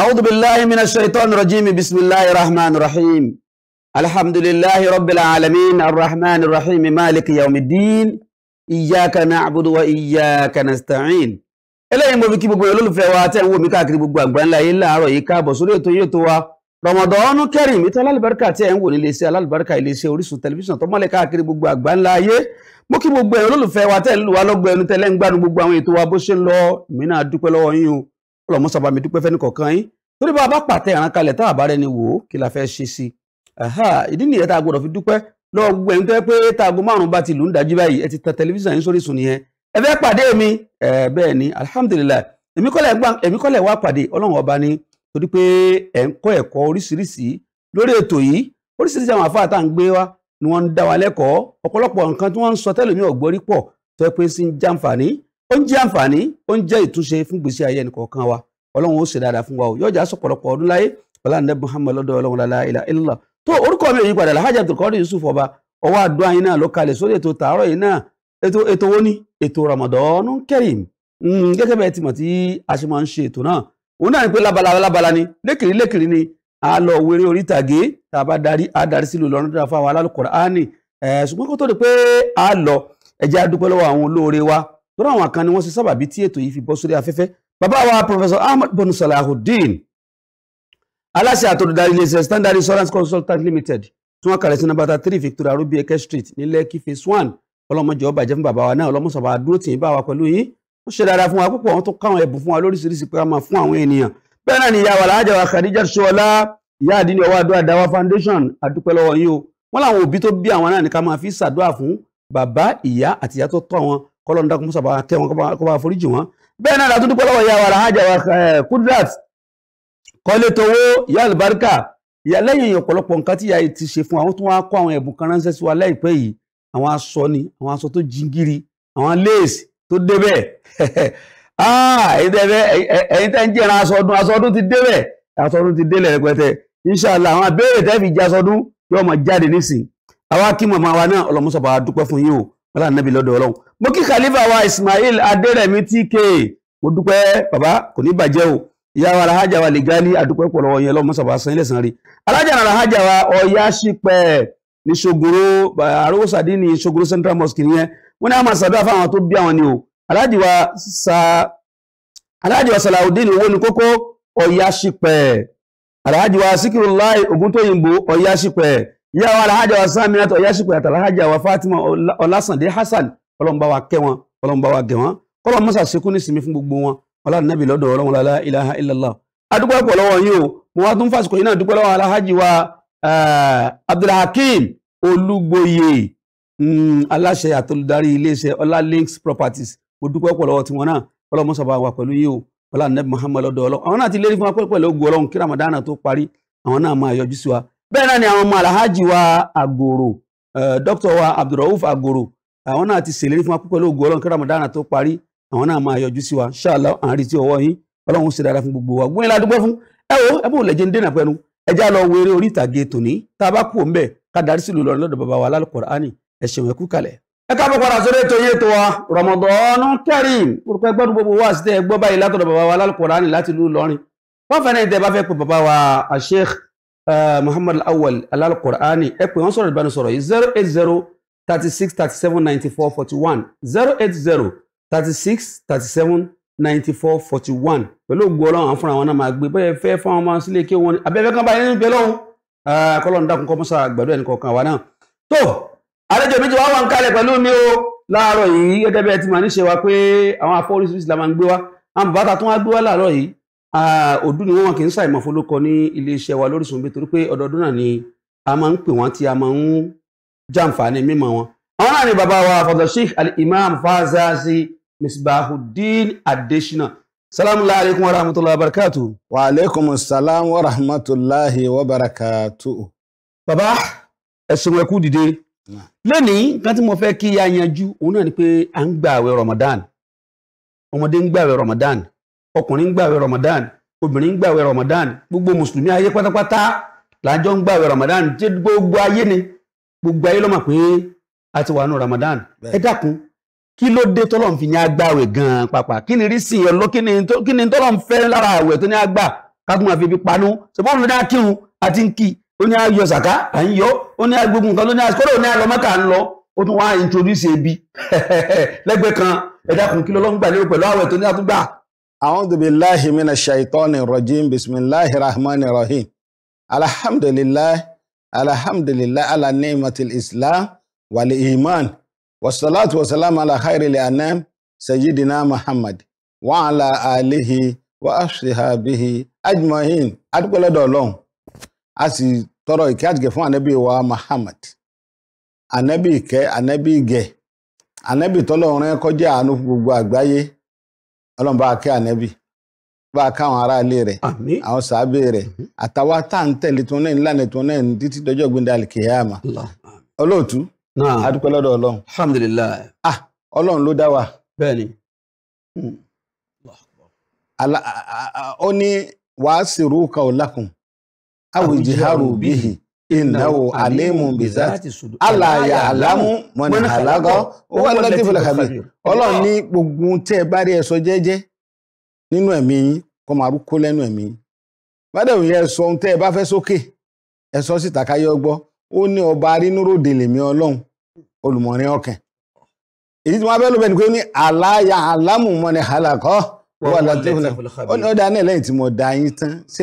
أعوذ بالله من الشيطان الرجيم بسم الله الرحمن الرحيم الحمد لله رب العالمين الرحمن الرحيم مالك يوم الدين إياك نعبد وإياك نستعين eléyìí mo fi kí gbogbo olólùfẹ́ wa tẹ́ ń wò mí káàkiri gbogbo àgbáńlá yìí láàárọ̀ yìí káàbọ̀ sórí ètò yìí tó wa Ramadan Kareem ìtọ́ alálùbáríkà tẹ́ ń wò ní iléeṣẹ́ alálùbáríkà iléeṣẹ́ Orísun tẹlifíṣàn tó mọ́lẹ̀ káàkiri gbogbo àgbáńlá ayé mo kí gbogbo olólùfẹ́ wa tẹ́ ń lù wá lọ́gbọ̀ ẹnu tẹ́lẹ̀ ń gbádùn gbogbo àwọn ètò wa bó ṣe ń lọ mí náà dúpẹ́ lọ́wọ́ yín o ọlọ́mọ sábà mi dúpẹ́ fẹ́ni kọ̀ọ̀kan yín torí bá a bá pàtẹ ìran kalẹ̀ tá a bá rẹni wò ó kí la fẹ́ ṣe sí i ìdí nìyẹn tá a gbọdọ̀ fi dúpẹ́ lọ́wọ́ gbogbo ẹni tó yẹ pé táago márùn-ún bá ti lù ń dájú báyìí ẹ ti tan tẹlifíṣàn yín sórí sùn nìyẹn ẹ fẹ́ pàdé mi ẹ bẹ́ẹ̀ ni alihamudulilayi èmi kọ́lẹ̀ wá pàdé ọlọ́run ọba ni torí pé ẹ̀ ń kọ́ ẹ̀kọ́ oríṣiríṣi lórí ètò yìí oríṣiríṣi àwọn àfáà tá à ń gbé wá ni wọ́n ń dá wa lẹ́kọ̀ọ́ ọ̀pọ̀lọpọ̀ nǹkan tí wọ́n ń sọ tẹ́lẹ̀mí ọ̀gbọ́rí pọ̀ tó yẹ pé sí ń jàǹfààní ó ń jẹ́ àǹfààní ó ń jẹ́ ìtúnṣe fún gbèsè ayé ẹnìkọ̀ọ̀kan wa ọlọ́run ó ṣe dáadáa fún wa o yọjà sọ̀pọ̀lọpọ̀ ọdún láyé ọlọ́run nẹ́bù muhammed lọ́dọ̀ ọlọ́run la ilaha illallah tó orúkọ mi yìí padà Alhaji Abdulkadir Yusuf ọba ọwọ́ àdúrà yín náà ló kalẹ̀ sórí ètò tààrọ̀ yìí náà ètò ètò wo ni ètò Ramadan Kareem hmm, gẹ́gẹ́ bẹ́ẹ̀ ti mọ̀ tí a ṣe máa ń ṣe ètò náà òun náà ni pé labala labala ni lékiri lékiri ni a lọ wéré orí tàgé tá a bá darí a darí sílùú lọ́run lọ́dọ̀ àwọn kan ni wọ́n ṣe sábàbí tí ètò yìí fi bọ́ sórí afẹ́fẹ́ bàbá wa professor ahmed Bonusala salahuddin aláṣẹ àtòdòdarí iléeṣẹ́ standard insurance consultant limited tí wọ́n kàlẹ̀ sí nàbàtà three victoria rubi eke street ní lẹ́kì phase one ọlọ́mọjọ́ bàjẹ́ fún bàbá wa náà ọlọ́mọsọ̀bà dúró tì í bá wa pẹ̀lú yìí ó ṣe dáadáa fún wa púpọ̀ wọ́n tó káwọn ẹ̀bùn fún wa lóríṣiríṣi pé a máa fún àwọn ènìyàn bẹ́ẹ̀ náà ni ìyá wa làájà wa khadija ṣọlá ìyá àdínní ọwọ́ àdúrà dáwà foundation àdúpẹ́ lọ́wọ́ yín o wọ́n làwọn òbí tó bí àwọn náà ní ká máa fi ṣàdúrà fún bàbá ìyá àtìyá tó tọ́ wọn kọ́lọ́n dákun musa bá kẹ́ wọn kó bá foríjì wọn bẹ́ẹ̀ náà látún dúpọ́ lọ́wọ́ ìyá wa alhaja wa eh, Kudrat kọ́lé towó ìyá àlùbáríkà ìyá lẹ́yìn ọ̀pọ̀lọpọ̀ nǹkan tí ìyá yìí ti ṣe fún àwọn tó wá kó àwọn ẹ̀bùn kan ránṣẹ́ sí wa láìpẹ́ yìí àwọn aṣọ ni àwọn aṣọ tó jingiri àwọn lace tó débẹ̀ ah, ẹ̀yin tẹ́ ń jẹ́ran aṣọ ọdún aṣọ ọdún ti débẹ̀ aṣọ ọdún ti délẹ̀ rẹpẹtẹ inshallah àwọn abẹ́rẹ́ tẹ́ fi jẹ́ aṣọ ọdún yóò máa jáde nísìn àwa kí màmá wa náà ọlọ́mọṣọ́ dúpẹ́ fún yín o wọ́n ànábì lọ́dọ̀ ọlọ́run mo kí khalifa wa ismail adérẹ̀mí tk mo dúpẹ́ bàbá kò ní bàjẹ́ o ìyá wa alahajà wa lẹ́gálí àdúpẹ́ pọ̀ lọ́wọ́ yẹn lọ́mọ sọ̀bà sanyí lẹ́sàn rí alájà alahajà wa ọ̀yá ṣípẹ́ ní ṣogoro àrówó sàdí ní ṣogoro central mosque nìyẹn wọ́n ní a máa ṣàdúrà fáwọn tó bí àwọn ni o alájì wa sa alájì wa salaudeen owó ni kókó ọ̀yá ṣípẹ́ alájì wa sikirulayi oguntóyìnbó ọ̀yá ṣípẹ́ ìyá wa alhaja wa samina tó yasuku àti alhaja wa fatima ọlásàndé hasan ọlọ́mùbá wa kẹ́ wọn ọlọ́mùbá wa gẹ̀ wọn kọ́lọ́mù mọ́sà sekú ní sinmi fún gbogbo wọn ọlọ́run nàbì lọ́dọ̀ ọlọ́run la ilaha illallah adúgbò ẹ̀pọ̀ lọ́wọ́ yín o mo wá tún fàṣikò yín náà dúpẹ́ lọ́wọ́ alhaji wa abdulhakeem olúgbòye mm, aláṣẹ àtolúdarí iléeṣẹ́ ọlá links properties mo dúpẹ́ ẹ̀pọ̀ lọ́wọ́ tiwọn náà ọlọ́mọ sọ̀bà wà pẹ̀lú yín o ọlọ́run nàbì muhammad lọ́dọ̀ ọlọ́run àwọn náà ti lérí fún wa pẹ̀lú ògùn ọlọ́run kí ramadana tó parí àwọn náà wa bẹ́ẹ̀ náà ni àwọn ọmọ alhaji wa àgòrò eh, dókítà wa abdulrauf àgòrò àwọn náà ti ṣèlérí fún wa pẹ̀lú ògo ọlọ́run kí ramadana tó parí àwọn náà máa yọjú sí wa ṣáàlá à ń rí sí ọwọ́ yín ọlọ́run ṣe dára fún gbogbo wa gbóyin ládùúgbò fún ẹ wo ẹ bó lè jẹ ń dènà pẹnu ẹ já lọ wéré orí ìtàgé tòní tá a bá kú òǹbẹ ká darí sí lòlọrin lọ́dọ̀ bàbá wa lálùkùránì ẹ ṣeun ẹ kú kalẹ̀. ẹ káàbọ̀ padà sórí ètò yẹn tó wa Ramadan Kareem orúkọ ẹgbẹ́ gbogbo wa sí tẹ́ ẹ gbọ́ báyìí látọ̀dọ̀ bàbá wa lálùkùránì láti lù lọ́rin wọ́n fẹ́ràn ìtẹ́ bá fẹ́ pè bàbá wa Sheikh Eh, muhammad awal alalqur'ani ẹ pè wọ́n sọ̀rọ̀ ìbánisọ̀rọ̀ yìí zero eight zero thirty six thirty seven ninety four forty one zero eight zero thirty six thirty seven ninety four forty one pẹ̀lú ògùn ọlọ́run àwọn fúnra wọn náà máa gbé bẹ́ẹ̀ fẹ́ fún àwọn ọmọ sílé kí wọ́n abẹ́fẹ́ kan báyìí nínú ìbẹ́lọ́hún eh, kọ́lọ́run dákun kọ́ mọ́sá gbàdúrà ẹnì kọ̀ọ̀kan wa náà tó àlejò méjì wá wà ń kalẹ̀ pẹ̀lú mi o láàárọ̀ yìí gẹ́gẹ́ bẹ́ẹ̀ ti máa ní ṣe wa pé àwọn afọ́rísìírísìí la máa ń gbé wa àwọn bàbá ta tún gbé wa láàárọ̀ yìí òdú ni wọ́n kì í ṣàìmọ̀ fọlọ́kọ ní iléeṣẹ́ wa lórísun bí torí pé ọdọọdún náà ni a máa ń pè wọ́n tí a máa ń jàǹfààní mímọ̀ wọn. àwọn náà ni bàbá wa fadhil sheikh al-imam Fazazi misbahuddin adesina salamu alaykum wa rahmatulahi wa barakatu. wa aleykum salaam wa rahmatulahi wa barakatu. bàbá ẹ̀sùn ẹ̀kú dìde lónìí nǹkan tí mo fẹ́ kí a yanjú òun náà ni pé à ń gbààwẹ̀ Ramadan ọmọdé ń gbààwẹ̀ Ramadan ọkùnrin ń gbàwẹ̀ Ramadan obìnrin ń gbàwẹ̀ Ramadan gbogbo mùsùlùmí ayé pátápátá làjọ ń gbàwẹ̀ Ramadan tí gbogbo ayé ni gbogbo ayé ló mọ̀ pé a ti wà nù Ramadan ẹ dákun kí ló dé tọ́lọ́run fi ní agbáwẹ̀ gan-an pàpà kí ni rísì yẹn lọ kí ni tọ́lọ́run fẹ́ lára àwẹ̀ tó ní agbà kágun àfi ibi panu ṣùgbọ́n ọ̀nà dá kírun àti ń kí ó ní ayọ̀ sàká à ń yọ ó ní agbègbè nǹkan ló ní àsìkò ló ní alọ́mọ́kà ń lọ ó tún wá introduce ebi lẹ́gbẹ̀ẹ́ kan ẹ dákun kí lọ́lọ́run gbà lérò pẹ̀lú àwẹ̀ tó ní àtúgbà أعوذ بالله من الشيطان الرجيم بسم الله الرحمن الرحيم الحمد لله الحمد لله على نعمة الإسلام والإيمان والصلاة والسلام على خير الأنام سيدنا محمد وعلى آله وأصحابه أجمعين أتقول دولون أسي tọrọ ìkẹ́ àti النبي fún ànábì wa Muhammad ànábì ìkẹ́ ànábì ìgẹ̀ ànábì tọ́lọ́run kó jẹ́ ọlọ́run bá kẹ́ ànẹ́bì bá káwọn rẹ̀ àwọn sàábé rẹ̀ àtàwọn tá à ń tẹ̀lé tó náà ńlànà náà títí dọjọ́ gbẹ̀ndẹ̀ adúpẹ́ lọ́dọ̀ ọlọ́run. ah ọlọ́run ló dá wa. Hmm. ó ní wàá innahu alimun bizati sudur Allah ya'lamu man khalaqa huwa al-latiful khabir ọlọ́run gbogbo bá rí jẹ́jẹ́ nínú ẹ̀mí yín máa lẹ́nu ẹ̀mí yín bádẹ̀ òun yẹ ẹ̀sọ́ ohun tẹ́ ẹ ọba arínúròdè lèmi ọkàn èyí tí ló ni pé man huwa ó ní tí mo da yín tán sí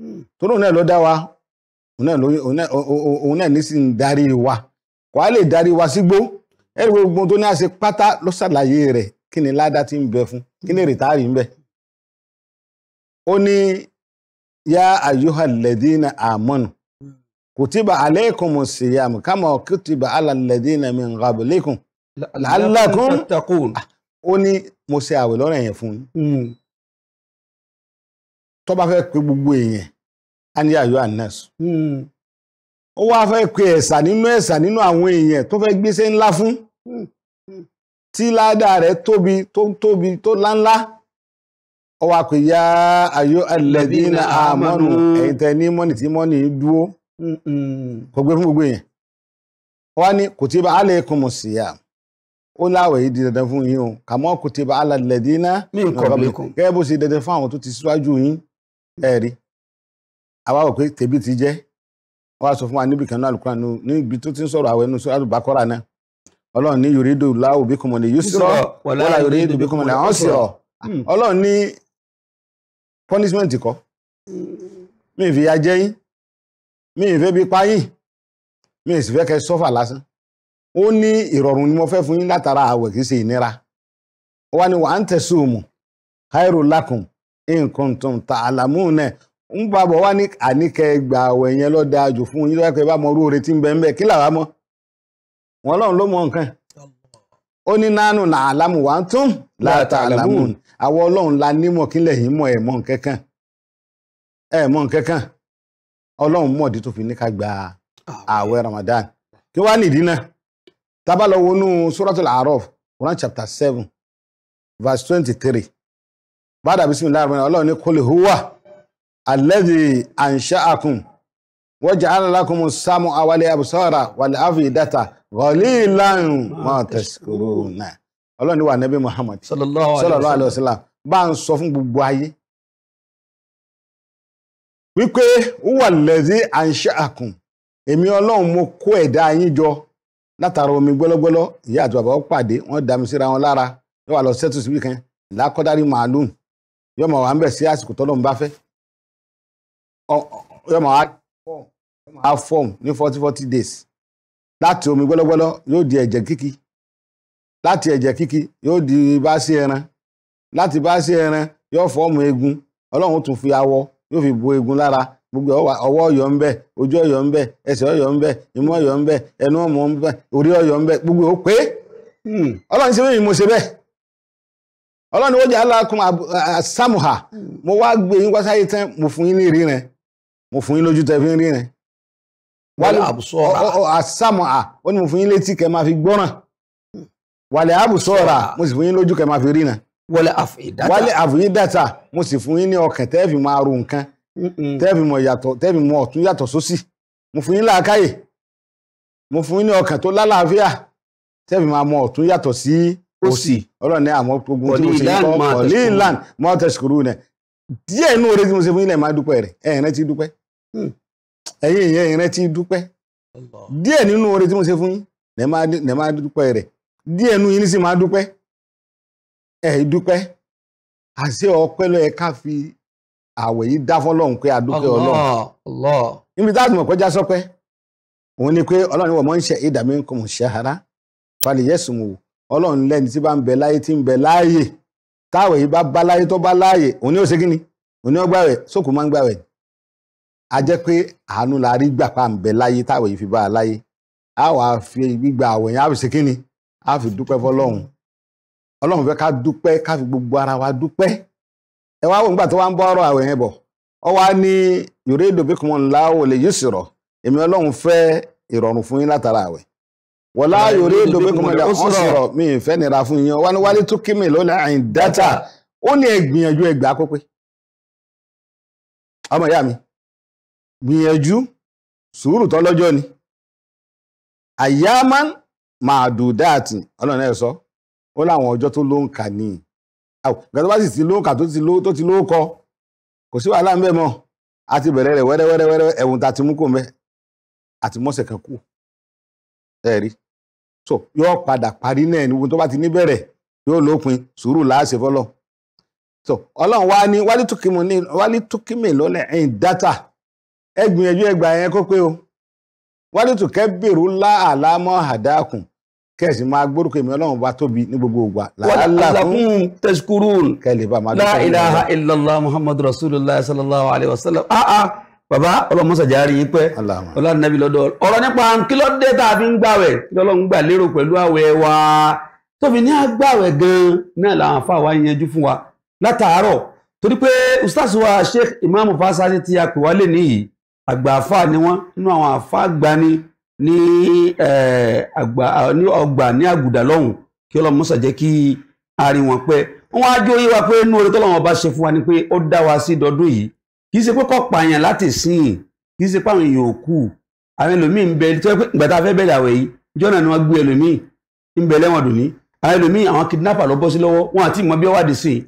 Hmm. torí òun náà ló dá wa òun náà ní sì ń darí wa kò á lè darí wa sígbó ẹ̀rí gbogbo tó ní àṣẹ pátá ló ṣàlàyé rẹ̀ kí ni ládá ti ń bẹ fún kí ni rìtáàrí ń bẹ. ó ní yá àyùhà lẹ́dínà àmọ́nù kùtìbà alaykumu siyam kama kùtìbà ala lẹ́dínà min qablikum la'allakum tattaqun ah, ó ní mo ṣe àwẹ̀ lọ́rọ̀ yẹn fún yín tó bá fẹ́ pe gbogbo èèyàn á ní àyọ anas hmm. ó wá fẹ́ pe ẹ̀sà nínú ẹ̀sà nínú àwọn èèyàn tó fẹ́ gbéṣẹ́ ńlá fún hmm. Hmm. tí ládàá rẹ̀ tóbi tó tóbi tó láńlá ó wá pe ya, àyọ alladina amanu ẹ̀yin tẹ ní mọ́nì tí mọ́nì dúró kò gbé fún gbogbo èèyàn wọ́n ní kutiba alaykumus siyam ó láwẹ̀ yìí di dandan fún yín o kàmọ́ kutiba ala alladina min qablikum gẹ́gẹ́ bó ṣe dandan fún àwọn tó ti síwájú yín ẹ̀rí àwa wò pé ti jẹ́ wọ́n á sọ fún wa níbi kan náà Al-Qur'an níbi tó ti ń sọ̀rọ̀ àwọn ẹnu sọ́dọ̀ náà ọlọ́run ní yuridu Allahu bikumul yusra wala yuridu bikumul hmm. kọ́ mi ì fi ya jẹ́ yín mi ì fẹ́ pa yín mi ì sì fẹ́ kẹ́ sọ́fà lásán ó ní ìrọ̀rùn ni mo fẹ́ fún yín látara àwẹ̀ kì í ṣe ìnira ní wa an nǹkan tó ń ta àlàmú náà ń bàbọ̀ wá ní àníkẹ́ àwẹ̀ yẹn jù fún yín lọ́kẹ́ bá mọ orú oore tí ń bẹ ń bẹ mọ nǹkan ó ní nánú nà àlàmú wà ń tún láta la nímọ̀ kílẹ̀ yìí mọ̀ mọ̀ Ramadan kí wàá nìdí náà tábàlọ́ wọnú Suratul Quran chapter seven bàdà bisimilahi rahman ọlọ́run ní kul huwa alladhi ansha'akum wa ja'ala lakumus sam'a wal absara wal afidata ghalilan ma tashkuruna ọlọ́run ní wà nẹ́bí muhammad sallallahu alayhi wa sallam bá ń sọ fún gbogbo ayé wípé huwa alladhi ansha'akum èmi ọlọ́run mo kó ẹ̀dá yín jọ látara omi gbọ́lọ́gbọ́lọ́ ìyá àti bàbá ó pàdé wọ́n dá mi síra wọn lára yóò wà lọ sẹ́tù síbí kan làkọ́dárí màálùú yọmọ wa ń bẹ sí àsìkò tọ́lọ́ ń bá fẹ́ yọmọ wa fọ́ọ̀mù ní forty forty days láti omi gbọ́lọ́gbọ́lọ́ yóò di ẹ̀jẹ̀ kíkí láti ẹ̀jẹ̀ kíkí yóò di báṣí ẹran láti báṣí ẹran yóò fọ́ọ̀mù eegun ọlọ́run tún fi awọ yóò fi bo lára gbogbo ọwọ́ ń bẹ ojú ń bẹ ẹsẹ̀ ọyọ ń bẹ imú ń bẹ ẹnu ń bẹ orí ń bẹ gbogbo ọlọ́ni wọ́n jẹ́ alákùn àsámùhà mo wá gbé yín wá sáyé tán mo fún yín ní rẹ mo fún yín lójú tẹ fi ń wàlẹ̀ àbùsọ̀rà àsámùhà ó ní mo fún yín létí kẹ máa fi gbọ́ràn wàlẹ̀ àbùsọ̀rà mo sì fún yín lójú fi wàlẹ̀ wàlẹ̀ mo sì fún yín ní ọkàn tẹ́ fi nǹkan tẹ́ fi yàtọ̀ tẹ́ fi ọ̀tún ọkàn tó lálàáfíà tẹ́ fi ọ̀tún òsì ọlọ́run ní àwọn ogun tí mo ṣe yín kọ́ ọ̀lìlan nẹ díẹ̀ inú oore tí mo ṣe fún yín máa dúpẹ́ rẹ̀ ẹ̀yìn rẹ ti dúpẹ́ ẹ̀yìn ìyẹn ẹ̀yìn rẹ ti dúpẹ́ nínú tí mo ṣe fún yín máa dúpẹ́ díẹ̀ inú yín sì máa dúpẹ́ ẹ̀ dúpẹ́ àṣẹ ọpẹ́ ká fi àwẹ̀ yìí dá ọlọ́run lẹ́ni tí bá ń bẹ láyé tí ń bẹ láàyè táwẹ̀ yìí bá bá láyé tó bá láàyè òun ni ó ṣe kíni òun ni ó gbàwẹ̀ sókùn máa ń gbàwẹ̀ a jẹ́ pé àánú la rí gbà pa ń bẹ láyé táwẹ̀ yìí fi bá a láyé a wàá fi gbígba àwẹ̀ yẹn a fi ṣe kíni a fi dúpẹ́ fọlọ́run ọlọ́run fẹ́ ká dúpẹ́ ká fi gbogbo ara wa dúpẹ́ ẹ wá wò nígbà tó wá ń bọ́ ọ̀rọ̀ àwẹ̀ yẹn bọ̀ ọ wá ní yòrè ìdòbí kan láwò lè yí sọ̀rọ̀ èmi ọlọ́run fẹ́ ìrọ̀rùn fún yín látara àwẹ̀ wọlá yòrè ìdòbí kọmọdé ó sọ̀rọ̀ mi ìfẹ́ nira fún yín wá ní wálé tó kí mi lọ́lẹ̀ àyìn dátà ó ní ẹ gbìyànjú ẹ ọmọ ìyá mi gbìyànjú sùúrù tọ́lọ́jọ́ ni àyàmán màdùdáàtì ọlọ́run ẹ̀ sọ ó láwọn ọjọ́ tó ló ń kà ní ìgbà tó bá sì ti ló ń kà tó ti ló kọ kò sí wàhálà ń bẹ mọ́ a ti bẹ̀rẹ̀ rẹ̀ wẹ́rẹ́wẹ́rẹ́ ẹ̀wùn ta ti mú kò mẹ́ àti mọ́sẹ̀ kan kù ẹ̀rí so yóò padà parí náà ní tó bá ti bẹ̀rẹ̀ yóò lópin sùúrù láàṣẹ so ọlọ́run wá ní wálé ní lọ́lẹ̀ ẹ̀yìn dátà ẹgbà yẹn kó pé o wálé túkẹ́ bèrú àdákùn kẹ̀sì máa gbórúkọ èmi ọlọ́run bá tóbi ní gbogbo ògbà làálàkùn tẹ̀síkúrú kẹ́lẹ̀ láìláha muhammadu rasulillah sallallahu alayhi wa sallam ah, ah. bàbá ọlọmọsàjárí yín pẹ́ ọlànàbí lọ́dọ̀ ọ̀rọ̀ nípa kí ló dé tá a fi ń gbàwẹ̀ kí lọ́lọ́run gbà lérò pẹ̀lú àwẹ̀ wa tó fi ní àgbàwẹ̀ gan náà làwọn afá wa yanjú fún wa látàárọ̀ torí pé ustaz wa sheikh imam fasasi ti apè wálé nìyí àgbà afá ni wọ́n nínú àwọn afá gbani ní ọgbà ní àgùdà lọ́hùn kí ọlọmọsà jẹ́ kí a rí wọn pẹ́ wọ́n á jó yé wa pé inú orí tọ́lọ́wọ́n bá ṣe fún wa ni pé ó dá wa sí dọdún yìí kì í ṣe pé kọ́ pààyàn láti sìn kì í ṣe pé àwọn èèyàn ò kú àwọn ẹlòmíín bẹ tó yẹ pé ìgbà tá a fẹ́ bẹ̀rẹ̀ àwẹ̀ yìí jọ́nà ni wọ́n gbé ẹlòmíín ń bẹ lẹ́wọ̀n dùn ní àwọn ẹlòmíín àwọn kidnapper ló bọ́ sí lọ́wọ́ wọn àti ìmọ̀ bí wàá di sí i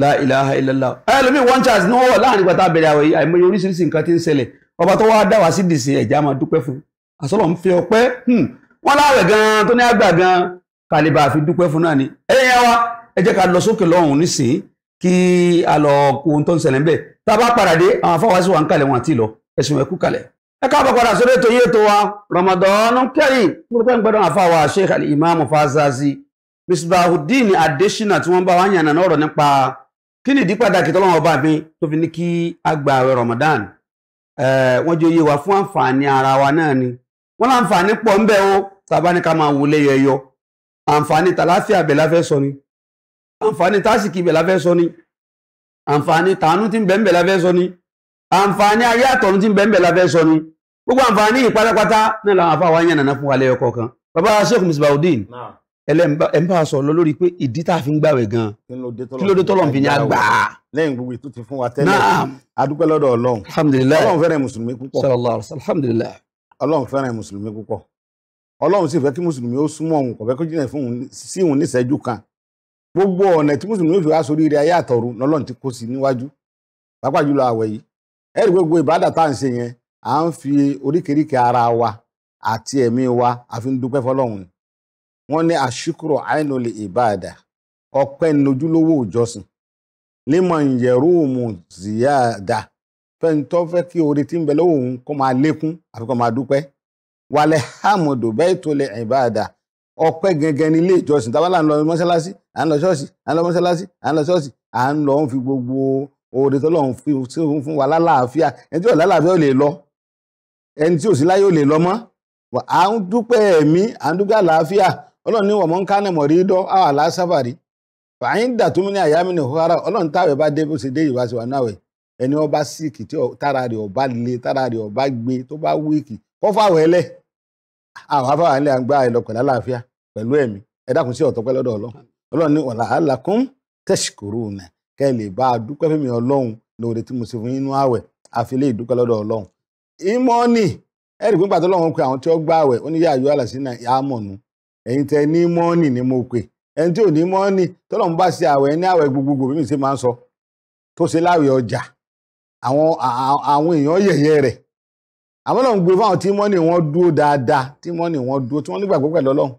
la ilaha illallah àwọn ẹlòmíín one chance ni wọ́n wọ̀ láàrin ìgbà tá a bẹ̀rẹ̀ àwẹ̀ yìí àìmọye oríṣiríṣi nǹkan ti ń ṣẹlẹ̀ ọba tó wáá dá wá sí dìsìn ẹ̀já máa dúpẹ́ fún àsọlọ̀ ń fi ọpẹ́ hmm. wọn láwẹ̀ gan-an tó ní àgbà gan-an kàlíbà àfi dúpẹ́ fún náà ni ẹ̀yẹ́ wa ẹ jẹ́ ká lọ sókè lọ́hùn-ún nísìnyí kí a lọ kó ohun tó ń ṣẹlẹ̀ ń bẹ̀ tá a bá padà dé àwọn afọwọ́sí wa ń kalẹ̀ wọn àti lọ ẹ̀sùn ẹ̀kú kalẹ̀. ẹ káàbọ̀ padà sórí ètò yìí ètò wa Ramadan Kareem gbogbo ẹ̀ ń gbọ́dọ̀ àfàwà Sheikh Al-Imam Fazazi Misbahudeen Adesina tí wọ́n bá wá yànnà ọ̀rọ̀ nípa kí nìdí pàtàkì tọ́lọ́wọ́n ọba mi tó fi ní kí a gba àwẹ̀ Ramadan wọ́n jẹ́ oyè wa fún àǹfààní ara wa náà ni wọ́n láǹfààní pọ̀ ń bẹ o tàbá ní ká máa wọlé yẹyọ àǹfààní tàlàáfíà bẹ̀ láfẹ́ sọ ni àǹfààní tásìkì ibẹ̀ la fẹ́ sọ ni àǹfààní tàánú tí ń bẹ̀ ń bẹ̀ la fẹ́ sọ ni àǹfààní ayé àtọ̀run tí ń bẹ̀ ń bẹ̀ la fẹ́ sọ ni gbogbo àǹfààní ìpátápátá náà làwọn afáwa yẹn nàná fún alẹ́ ọkọ̀ kan bàbá Sheikh Musbauddin ẹlẹ́n bá sọ lọ lórí pé ìdí tá a fi ń gbàwẹ̀ gan-an kí ló dé tọ́lọ̀ fi ní àgbà. lẹ́yìn gbogbo ètò ti fún wa tẹ́lẹ̀ adúpẹ́ lọ́dọ̀ ọlọ́run ọlọ́run fẹ́ràn mùsùlùmí púpọ̀ ọlọ́run fẹ́ràn mùsùlùmí púpọ̀ ọlọ́run sì fẹ́ kí mùsùlùmí ó súnmọ́ òun kò kó jìnnà sí òun níṣẹ́jú kan gbogbo ọ̀nà tí mùsùlùmí fi wá sórí ire ayé àtọ̀run lọ́lọ́run ti kó sí níwájú pàápàá jùlọ àwẹ̀ yìí ẹ̀rí gbogbo ìbádà tá à ń ṣe yẹn à ń fi oríkèéríkèé ara wa àti ẹ̀mí wa àfi ń dúpẹ́ fọlọ́run wọn ní àṣíkúrò àìnulè ìbádà ọpẹ́ nojúlówó ìjọsìn límọ̀ ìyẹ̀rùmù ziyada fẹ́ntọ́ fẹ́ kí orí tí ń bẹ lọ́wọ́ òun kó máa lékún àfi kó máa dúpẹ́ wàlẹ̀ hàmùdù bẹ́ẹ̀ tó lè ìbádà ọpẹ́ gẹ́gẹ́ ní ilé ìjọsìn tábàlà ń lọ mọ́ṣáláṣí à ń lọ ṣọ́ọ̀ṣì à ń lọ mọ́ṣáláṣí à ń lọ ṣọ́ọ̀ṣì à ń lọ ń fi gbogbo oore tó lọ́n fi fún wa lálàáfíà ẹni tí ò lálàáfíà ò lè lọ ẹni tí ò sí láyé ò lè lọ mọ́ à ń dúpẹ́ ẹ̀mí à ń dúpẹ́ àlàáfíà ọlọ́run ní wọ̀mọ́ ń ká nàmọ̀ rí dọ́ àwọn àlàásáfàrí fàáyín dà tó ní àyà mi nìkúrárá ọlọ́run táwẹ̀ bá dé bó ṣe dé ìwà sí wà náà wẹ̀ ẹni ọba síìkì tára rẹ̀ ọba le tára rẹ̀ ọba gbé tó bá wíìkì kọ́fà wẹ́lẹ́ àwọn afáwà ilé àgbà ìlọpẹ̀lá láàfíà pẹ̀lú ẹ̀mí ẹ dákun sí ọ̀tọ́pẹ́ lọ́dọ̀ ọlọ́run ọlọ́run ní ọ̀là alákún tẹ̀síkòrò nà kẹ́ ẹ lè bá a dúpẹ́ fẹ́mi ọlọ́run lóore tí mo ṣe fún inú àwẹ̀ àfi lè dúpẹ́ lọ́dọ̀ ọlọ́run. ìmọ̀ọ́nì ẹ̀rì pípa tó lọ́wọ́ pé àwọn tí ó gbà àwẹ̀ ó ní yá àyọ́ àlàsí náà yá mọ̀nù ẹ̀yin tẹ ní mọ́ọ̀nì ni mo pè ẹni tí ò ní mọ́ọ̀nì tọ́lọ́run bá ṣe àwẹ̀ ní àwẹ̀ gbogbogbò bí mi ṣe máa ń sọ tó ṣe láwẹ̀ ọjà àwọn èèyàn yẹ̀yẹ́ rẹ̀ àwọn náà ń gbé fáwọn tí mọ́nì wọn dúró dáadáa tí mọ́nì wọn dúró tí wọ́n nígbàgbọ́ pẹ̀lú ọlọ́run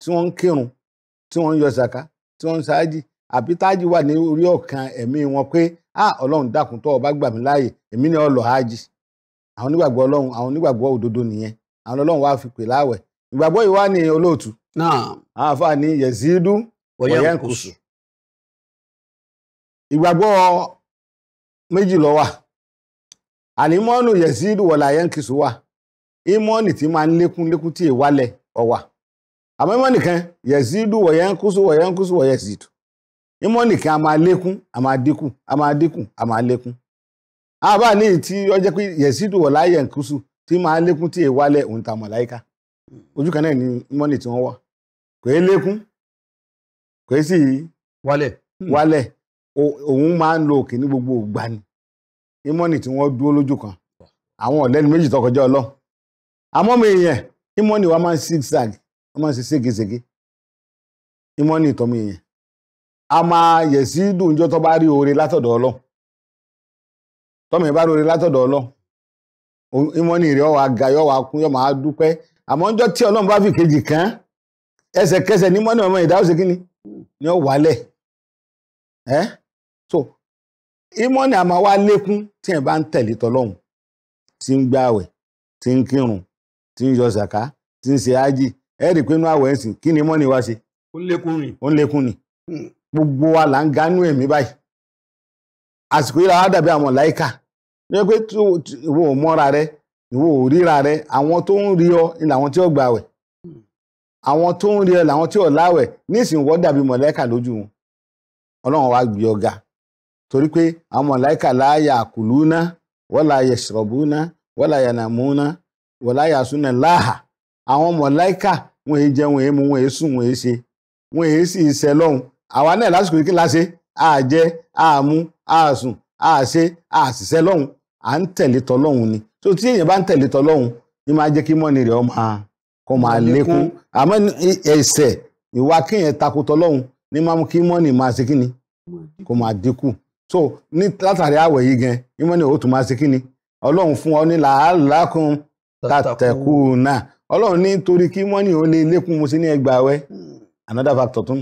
tí wọ́n ń kírun tí wọ́n ń yọ sàká tí wọ́n ń ṣáájì àbí tájì wà ní orí ọ̀kan ẹ̀mí wọn pé a ọlọ́run dákun tó ọba gbà láàyè èmi ni ọlọ́ hájì àwọn onígbàgbọ́ ọlọ́run àwọn onígbàgbọ́ òdodo nìyẹn àwọn ọlọ́run wá fi pè láwẹ̀ ìgbàgbọ́ yìí wá ní olóòtú. àwọn àfa ànímọ́nù yẹ̀sídù wọ̀là yẹ́nkìsù wà ìmọ́nì tí máa ń lékún lékún tí èwálẹ̀ ọ̀wà àmọ́ ìmọ́nì kan yẹ̀sídù wọ̀yẹ́nkùsù wọ̀yẹ́nkùsù wọ̀yẹ́sídù ìmọ́nì kan a máa lékún a dínkù a dínkù a lékún. àbá ní pé wọ̀là yẹ̀nkùsù tí máa lékún tí mọ̀láyíká ojú kan náà ìmọ̀nì tí wọ́n dúró lójú kan àwọn ọ̀lẹ́ni méjì tó ọlọ́ àmọ́ mi èèyàn wa máa ń zigzag wọ́n máa ń ṣe ségesège ìmọ̀nì tọ́mọ èèyàn a máa yẹ̀ sí dùnjọ́ tó bá rí oore látọ̀dọ̀ ọlọ́ tọ́mọ yẹn bá rí oore látọ̀dọ̀ ga yọ̀ wà kún yọ̀ máa dúpẹ́ àmọ́ ńjọ́ tí ọlọ́run bá fi kejì ẹsẹ̀kẹsẹ̀ ní mọ́nì ọmọ ìdáhùn ṣe kí ni ni ó wálẹ̀ so ìmọ̀ni àmà wa lékún tí ẹ̀ bá ń tẹ̀lé tọlọ́hun tí ń gbààwẹ̀ tí ń kírun tí ń yọ sàká tí ń ṣe ájì ẹ̀ rí i pé inú àwẹ̀ ń sìn kí ni ìmọ̀ni wa ṣe. ó ń lékún ni. ó ń lékún ni. gbogbo wa là ń ganú ẹ̀mí báyìí. àsìkò yìí la wá dàbí àwọn láìka ní pé ìwọ ò mọ́ra rẹ ìwọ ò ríra rẹ àwọn tó ń rí ọ ni làwọn tí ó gbààwẹ̀ àwọn tó ń rí ọ làwọn tí ò láwẹ̀ nísìnyí wọ́n dàbí mọ̀lẹ́kà lójú wọn ọlọ́run wa gbé ọ ga torí pé àwọn mọ̀láìkà láàyà àkùlúná wọ́lá yẹ̀sọ̀rọ̀búná wọ́lá yànàmúná wọ́lá yàsúná láhà àwọn mọ̀láìkà wọn èé jẹ wọn èé mu wọn èé sùn wọn èé ṣe wọn èé sì ṣe lọ́hùn àwa náà lásìkò kí láṣe àjẹ àmú àsùn àṣe àṣìṣe lọ́hùn à ń tẹ̀lé tọ́lọ́hùn ni tó tí èèyàn bá ń tẹ̀lé tọ́lọ́hùn ni máa jẹ́ kí mọ́ni rẹ̀ ọmọ so ní látàrí àwẹ̀ yìí gan ìmọ̀ ni òótù máa ṣe kí ni ọlọ́run fún ọ ní làálàákùn tàtẹ̀kù náà ọlọ́run ní torí kí mọ́nì ní lè lékún mo sí ní ẹgbàá wẹ́ hmm. another factor tún.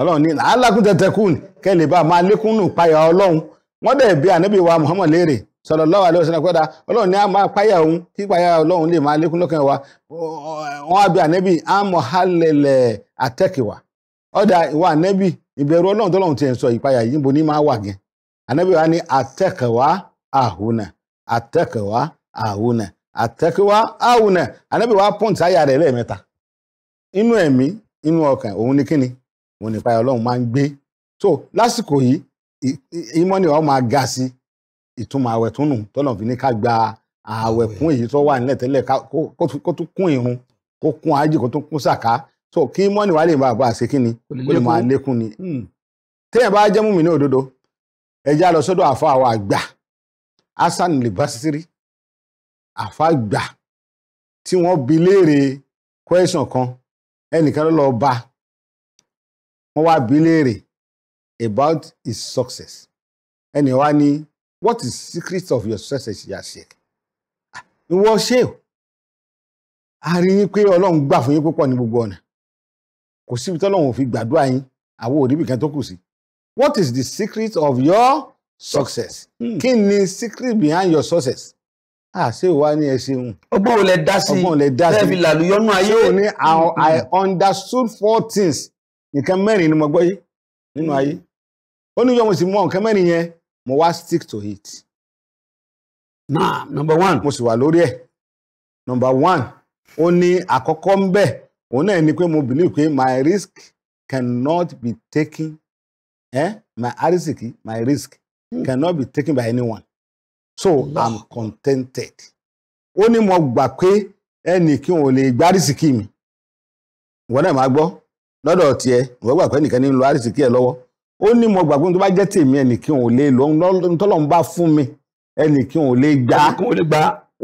ọlọ́run ní làálàákùn tàtẹ̀kù kẹ́ lè bá a máa lékún nù páyà ọlọ́run wọ́n dẹ̀ bí anabi wa Muhammad léèrè sallallahu alaihi wasallam kọ́dà ọlọrun ní a máa páyà òun kí páyà ọlọ́run lè máa lékún lọ́kàn wa wọ́n á bí ànábì àmọ̀ hálẹ̀lẹ̀ ọ̀dà ìwà ànẹ́bì ìbẹ̀rù ọlọ́run tọ́lọ́run ti ẹ̀ sọ ìpayà yìí níbo ní máa wà gẹ́ ànẹ́bì wa ni àtẹ́kẹ̀wá àhùnà àtẹ́kẹ̀wá àhùnà àtẹ́kẹ̀wá àhùnà ànẹ́bì wa pọ́ǹtì àyà rẹ̀ lẹ́ẹ̀mẹ́ta inú ẹ̀mí inú ọkàn òun ni kíni òun nípa ọlọ́run máa ń gbé tó lásìkò yìí ìmọ̀ ni wọ́n máa ga sí ìtumọ̀ àwẹ̀ tún nù tọ́lọ̀ fi ní ká gba àwẹ̀ kún èyí tó wà nílẹ̀ tẹ́lẹ̀ kó tún kún ìrun kó kún àjì kó tún kún sàká so kí mọ́nì wà lè bá àbá àṣẹ kíni ó lè máa lékún ni hmm. téèyàn bá jẹ́ mùmí ní òdodo ẹja lọ sọ́dọ̀ àfa àwọn àgbà hasan libasiri àfa àgbà tí wọ́n bi léèrè kwẹ́sàn kan ẹnìkan ló lọ bá wọ́n wá bi léèrè about his success ẹnì wa ni what is secret of your success yà ṣe ah, ìwọ ṣe o a rí i pé ọlọ́run gbà fún yín púpọ̀ ní gbogbo ọ̀nà kò síbi tọ́lọ́run ò fi gbàdúrà yín àwọn òdìbì kan tó kù sí what is the secret of your success hmm. kí ni secret behind your success àṣé ah, ìwà ni ẹ ṣeun. ọgbọ́n ò lè dá sí ọgbọ́n ò lè dá sí tẹ́ẹ̀fì làlùyọ́nú ayé. ṣé o ní hmm, hmm. i understood four things nǹkan mẹ́rin ni mo gbọ́ yé nínú ayé ó ní ìjọ mo sì mọ nǹkan mẹ́rin yẹn mo wá stick to it. náà number one. mo sì wà lórí ẹ̀ number one ó ní àkọ́kọ́ ń bẹ̀ òun náà ni pé mo believe pé my risk cannot be taken eh? my risk my risk mm. cannot be taken by anyone so Allah. i'm contented ó ní mo gbà pé ẹnì kí n ò lè gbá rísìkì mi ìwọ náà máa gbọ́ lọ́dọ̀ tiẹ̀ ìwọ gbà pé ẹnìkan ní lo rísìkì ẹ lọ́wọ́ ó ní mo gbà pé tó bá jẹ́ tèmi ẹnì kí n ò lè lọ ntọ́lọ́n bá fún mi ẹnì kí n ò lè gbá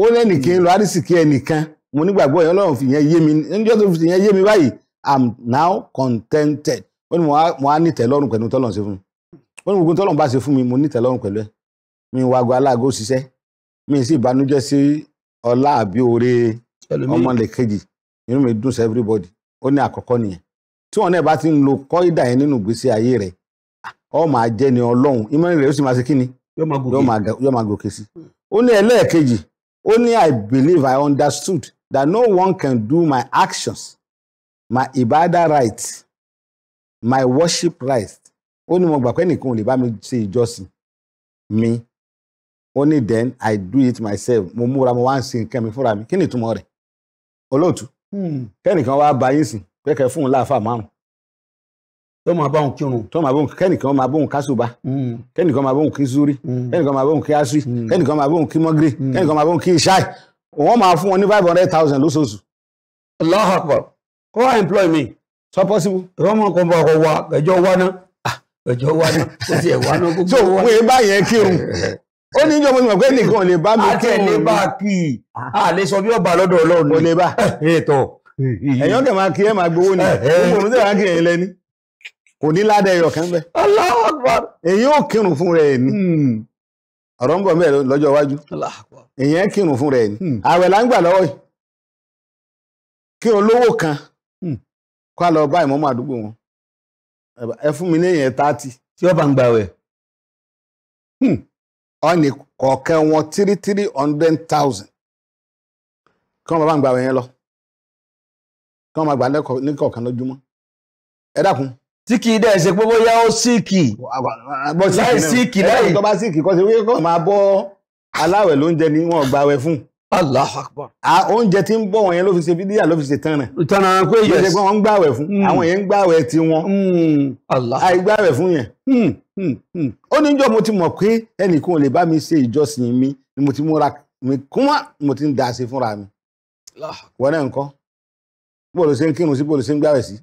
ó ní ẹnì kí n lo rísìkì ẹnìkan mo nígbàgbọ́ yẹn Ọlọ́run fi yẹn yé mi níjọ́ tó fi yẹn yé mi báyìí i'm now contented ó ní mo á nìtẹ́ lọ́rùn pẹ̀lú tọ́lọ́run ṣe fún mi ó ní gbogbo tọ́lọ́run bá ṣe fún mi mo nìtẹ́ lọ́rùn pẹ̀lú ẹ̀ mi ń wago aláàgó ṣiṣẹ́ mi sì ìbànújẹ́ sí ọlá àbí oore ọmọlẹ̀kejì inú mi dùn sí everybody ó ní àkọ́kọ́ nìyẹn tí wọn náà bá ti ń lo kọ́ídà yẹn nínú ìgbésí ayé rẹ̀ ó máa jẹ́ ni Ọlọ́run ìmọ̀ rẹ̀ ó sì máa ṣe kí ni yóò máa gòkè sí ó ní ẹlẹ́ẹ̀kejì ó ní i believe i understood that no one can do my actions my ibada right my worship right Only ní mo gbà pé nìkan ò lè bá mi ṣe then i do it myself mo ramu one wá ń sin nǹkan mi fúnra mi kí ni ìtumọ̀ rẹ̀ olóòtú hmm. kẹ́nìkan wá bá yín sìn kẹ́kẹ́ fún un láàfà márùn. tó máa bá òun kírun. tó máa bá òun kẹ́nìkan máa bá òun kásùbà hmm. kẹ́nìkan máa bá òun kí zuri hmm. kẹ́nìkan máa bá òun kí asri kẹ́nìkan máa bá òun kí wọ́n máa fún wọn ní five hundred thousand lóṣooṣù. Allahu Akbar kó wá employ mi. so possible. ìwọ́n mọ̀ kó ń bọ̀ ọkọ̀ wa ẹjọ́ wa náà ah, ẹjọ́ wa náà ó ti ẹ̀ wá náà gbogbo wa. so wọ́n yé báyẹn kírun ó ní ìjọba ìmọ̀ pé nìkan lè bá mi kírun. àtẹ̀lé bá kì í a lè sọ bí ọba lọ́dọ̀ Ọlọ́run ni. kò lè bá ètò. Eh, eh, ẹ̀yọ́ kẹ̀ máa kí ẹ̀ máa gbowó ni eh, gbogbo òun tẹ̀ máa kí ẹ̀yìn lẹ́ni kò ní ládẹ́ ẹ̀yọ̀ kan bẹ́ẹ̀. Allahu Akbar. èyí ò kírun fún rẹ̀ ni. Hmm. ọ̀rọ̀ ń bọ̀ mẹ́rin lọ́jọ́ iwájú èèyàn kírun fún rẹ̀ ni hmm. là ń gbà lọ́wọ́ yìí kí olówó kan hmm. kó a lọ bá ìmọ̀mọ́ àdúgbò wọn ẹ fún mi níyẹn tààtì. tí ó bá ń hmm. wọn tírí tírí hundred thousand kí wọ́n bá ń yẹn lọ kí wọ́n máa gbà ní tí kì í dẹ̀ ṣe pé bóyá ó síìkì láì síìkì láì. tó bá síìkì kọ́ sí wíwé kọ́ máa bọ́ aláwẹ̀ lóúnjẹ ni wọ́n gba awẹ fún. Allahu Akbar. oúnjẹ tí ń bọ̀ wọ̀nyẹn ló fi ṣe fídíà ló fi ṣe tán rẹ̀. ìtànà pé yẹs. ìjọba wọn ń gbàwẹ̀ fún hmm. àwọn yẹn ń gbàwẹ̀ ti wọn. àìgbàwẹ̀ hmm. fún yẹn. Hmm. ó ní jọ́ mo ti mọ̀ pé ẹnìkan ò lè bá mi ṣe ìjọsìn mi ni mo ti múra mi kúmọ́ mo ti ń dà sí fúnra mi. wọ́n náà ń kọ́ bó ló ṣe ń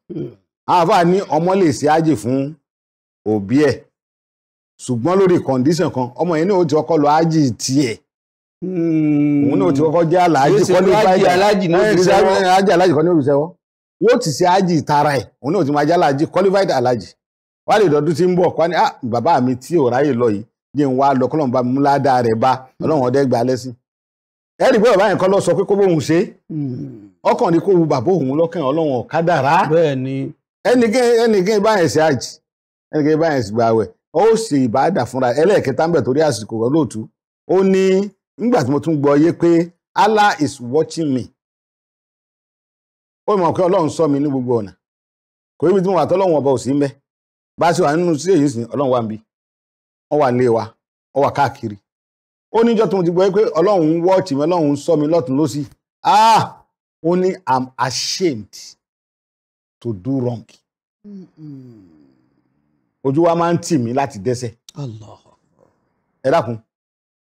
àáfà ní ọmọ lè ṣe ájì fún òbí ẹ̀ ṣùgbọ́n lórí condition kan ọmọ yẹn ní ó ti kọ́kọ́ lọ ájì tiẹ̀ hmm. òun náà ti kọ́kọ́ jẹ́ aláàjì kọ́ ní ìfàyè aláàjì ní òbíṣẹ́ wọn aláàjì aláàjì kọ́ ní òbíṣẹ́ wọn wọ́n ti ṣe ájì tara ẹ̀ òun náà ti máa jẹ́ aláàjì qualified aláàjì wọ́n á lè dọ́dún tí ń bọ̀ kọ́ ni ah, bàbá mi tí ò ráyè lọ yìí jẹ́ ń wá lọ kọ́lọ́mùbá mi mú rẹ̀ bá ọlọ́run ọdẹ gbà lẹ́sìn ẹ̀rí pé bàbá kọ́ lọ sọ pé kó bóun ṣe hmm. ọkàn ni kó wu bàbá òun lọ́kàn ọlọ́run ọ̀kadàrá ẹnìkan ẹnìkan gba ṣe àjì ẹnìkan báyẹn ṣe gbàwẹ̀ ó ṣe ìbáàdà fúnra ẹlẹ́ẹ̀kẹta ń bẹ̀ torí àsìkò olóòtú ó ní nígbà tí mo tún gbọ́ yé pé Allah is watching me wa wọ́n ó níjọ́ tí mo ti gbọ́ pé ọlọ́run ń wọ́ọ̀tì mi ọlọ́run ń sọ mi lọ́tún lọ́sí ah ó ní i'm ashamed to do wrong ojú wa máa ń tì mí láti dẹ́sẹ̀ ẹ dákun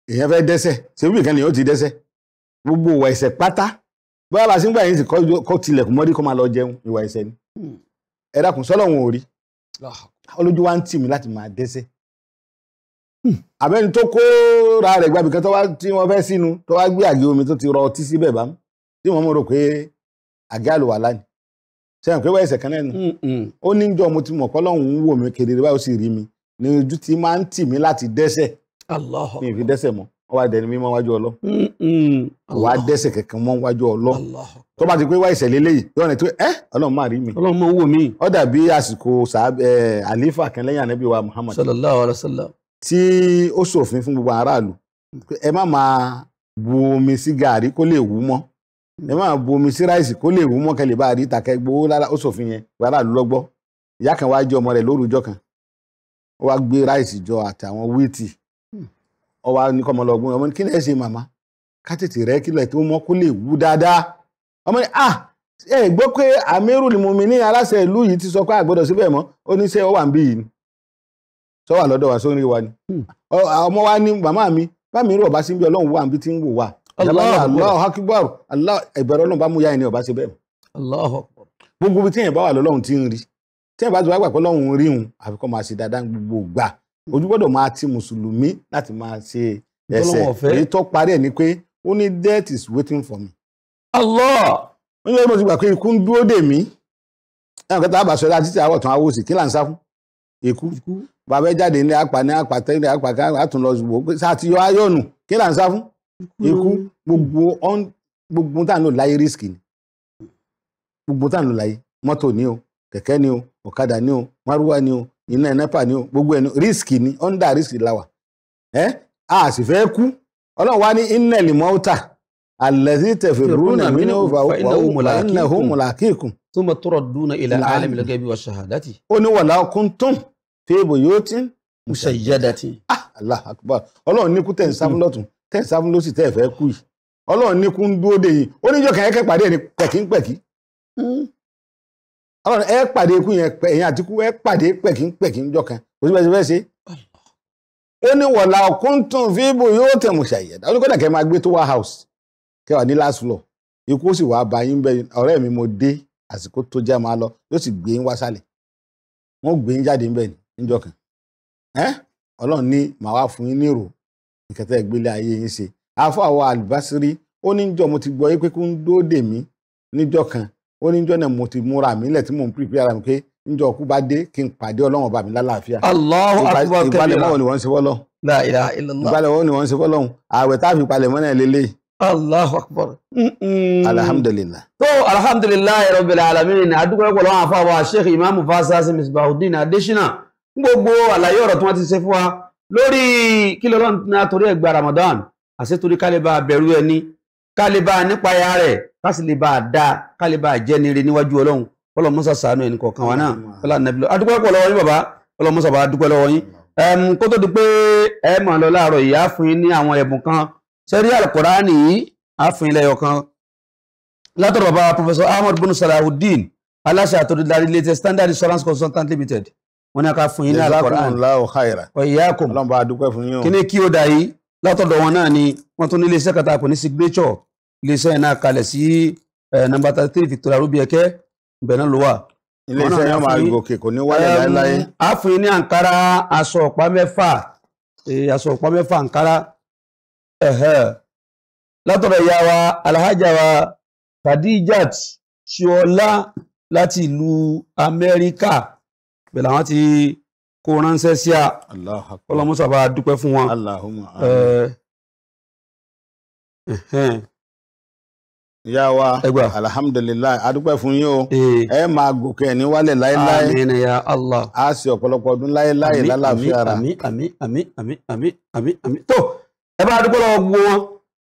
èèyàn fẹ́ dẹ́sẹ̀ ṣebí nìkan nìyẹn ó ti dẹ́sẹ̀ gbogbo ìwà ẹ̀ṣẹ̀ pátá bóyá bá sí ń gbà yín sí kọ́ tilẹ̀kùn mọ́rí kó máa lọ jẹun ìwà ẹ̀ṣẹ̀ ni hmm. ẹ dákun sọ́lọ́run ò rí ọlójú wa ń tì mí láti máa dẹ́sẹ̀ àbẹ́ni tó kó ra rẹ̀ gbàbí kan tí wọ́n fẹ́ sínú tó wá gbé àgé omi tó ti rọ ọtí síbẹ̀ bá tí wọ́n mọ̀ rò pé àgé àlùwàlá ni sẹ́yìn pé wẹ́ẹ̀sẹ̀ kan náà nù mm, mm. ó ní jọ mo ti mọ̀ kọ́ lọ́hùn ún wò mí kedere báyìí ó sì rí mi ní ojú ti máa ń tì mí láti dẹ́sẹ̀ mi fi dẹ́sẹ̀ mọ́ ọ wá dẹni mímọ́ wájú ọlọ́ mm, wá dẹ́sẹ̀ kankan mọ́ wájú ọlọ́ tó bá ti pé wá ìṣẹ̀lẹ̀ léyìí yọ̀ọ́ tó ẹ́ ọlọ́run máa rí mi ọlọ́run máa wò mí ó dàbí àsìkò eh, àlífà kan lẹ́yìn ànábì Muhammad sallallahu alaihi wa tí ó ṣòfin fún gbogbo aráàlú ẹ má máa bu omi sí gàrí kó lè wú mọ́ ẹ má máa bu omi sí ráìsì kó lè wú mọ́ kẹ́ lè bá rí ìtàkẹ́ gbowó lára ó ṣòfin yẹn gbogbo aráàlú lọ́gbọ́ ìyá kan wá jẹ ọmọ rẹ̀ lórúkọ kan ó wá gbé ráìsì jọ àtàwọn wíìtì hmm. ó wá ní kọ́mọ lọ́gbọ́n ọmọ ní kí lẹ́ẹ̀ ṣe màmá ká tètè rẹ́ kí tó mọ́ kó lè wú dáadáa ọmọ ní ah ẹ gbọ́ pé amérù ni mo mi ní aláṣẹ ìlú yìí ti sọ pé àgbọ́dọ̀ síbẹ̀ mọ́ ó ní sẹ́ ọ wà ń bí yìí ni sọ wà lọ́dọ̀ wa sórí wa ni hmm. ọmọ wa ni màmá mi bá mi rí ọba sí bí ọlọ́run wà níbi tí ń wò wá Allahu Akbar Allah ìbẹ̀rẹ̀ ọlọ́run bá mú yá ẹni ọba ṣe bẹ́ẹ̀ gbogbo ibi tí èèyàn bá wà lọ́lọ́run ti ń rí tí èèyàn bá ti wá gbà pé ọlọ́run rí òun àfi máa ṣe dáadáa gbogbo gbà ojú gbọ́dọ̀ máa ti mùsùlùmí láti máa ṣe ẹsẹ̀ èyí tó parí ẹ̀ ni pé ó ní death is waiting for me. Allah ó ní mo ti gbà pé ikú ń dúró dè mí ẹnì kan a bá sọ ẹ́ láti títí àwọ̀ tán kí là ń sá fún ikú bàbá jáde ní ní tẹ́lẹ̀ kan lọ pé ayọ́nù kí là ń sá fún ikú gbogbo gbogbo tá à ń lò láyé ni gbogbo tá à ń lò láyé mọ́tò ni o kẹ̀kẹ́ ni o ọ̀kadà ni o márúwá ni o iná ẹ̀nẹ́pà ni o gbogbo ẹ̀ ni ni ẹ́ a sì fẹ́ kú ọlọ́run wá ní innal mauta allazi tafirruna minhu fa innahu mulaqikum. thumma téèbù yóò tí ń ti. ìyẹ́dá ah, tí. Allah akbar ọlọ́run ní kú tẹ̀ sáfún lọ́tún tẹ̀ ń sáfún lọ́sì tẹ̀ fẹ́ kú yìí ọlọ́run ní kú ń dúró dè yín oníjọ pàdé ẹni hmm. ẹ pàdé ikú yẹn ẹ̀yìn àtikú ẹ pàdé kan kò ṣe. ó ní wọ̀lá fíìbù yóò wá house kẹ́ wà ní last floor ikú sì wá mo dé àsìkò tó jẹ́ máa lọ yóò sì gbé yín wá sálẹ̀ wọ́n gbé níjọ́ kan ẹ Ọlọ́run ní màá wá fún yín ní ìrò ìkẹtẹ ìgbélé ayé yín ṣe àfọwọ àlùbásírí ó ní jọ mo ti gbọ́ yí pé kó ń dóde mí níjọ́ kan ó ní jọ náà mo ti múra mi lẹ tí mo ń pèpè ara mi pé njọ kú bá dé kí n pàdé Ọlọ́run ọba mi lálàáfíà. Allahu akbar kabira ìgbàlẹ̀ mọ́ ni wọ́n ni wọ́n ń ṣe fọ́lọ́hún ààwẹ̀ tá a fi palẹ̀ mọ́ náà lélẹ̀. Allahu akbar. alhamdulillah. tó alhamdulillah rabbil alamin ni àdúgbò ẹ̀kọ́ lọ́wọ́ àfa wa sheikh imaamu fasa misbahudin adesina gbogbo àlàyé ọ̀rọ̀ tí wọ́n ti ṣe fún wa lórí kí lọ́lọ́ náà torí ẹ̀gbà Ramadan àṣetorí ká lè bá bẹ̀rù ẹni ká lè bá nípa ya rẹ̀ ká sì lè bá dá ká lè bá jẹ́ ní ire níwájú Ọlọ́run Ọlọ́run mọ́sà sàánú ẹni kọ̀ọ̀kan wa náà Ọlọ́run nàbí lọ adúpẹ́ pọ̀ lọ́wọ́ yín bàbá Ọlọ́run mọ́sà bá dúpẹ́ lọ́wọ́ yín kó tó di pé ẹ mà lọ láàárọ̀ yìí fún yín ní àwọn ẹ̀bùn kan sẹ́rí Al-Qur'ani yìí á fún yín lẹ́yọ látọ̀rọ̀ bàbá Professor Ahmad bunu Salahuddin aláṣẹ àtòdìdarí latest standard insurance consultant limited wọn ní a ká fún yín ní alukoran wa iyyakum kí ni kí o dà yìí látọ̀dọ̀ wọn náà ni wọ́n tún ní iléeṣẹ́ kan tá a kò ní signature iléeṣẹ́ náà kalẹ̀ sí eh, nọ́mbà thirty three Victoria Rubiyeke ibẹ̀ náà ló wà. iléeṣẹ́ yẹn máa gòkè kò ní wáyé láéláé. a fún yín ní àǹkárá aṣọ ọ̀pá mẹ́fà eh, aṣọ ọ̀pá mẹ́fà àǹkárá látọ̀dọ̀ ìyá wa alhaja wa Khadijat Ṣọlá láti ìlú Amẹ́ríkà. bẹ̀rẹ̀ àwọn ti kó ránṣẹ́ sí à ọlọ́mọ́sàbá dúpẹ́ fún wọn. ìyá wa alhamdulilayi adúpẹ́ fún yín o ẹ máa gòkè ní wálẹ̀ láéláé a sì ọ̀pọ̀lọpọ̀ ọdún láéláé lálàáfíà ara. tó ẹ bá adúpẹ́ gbogbo wọn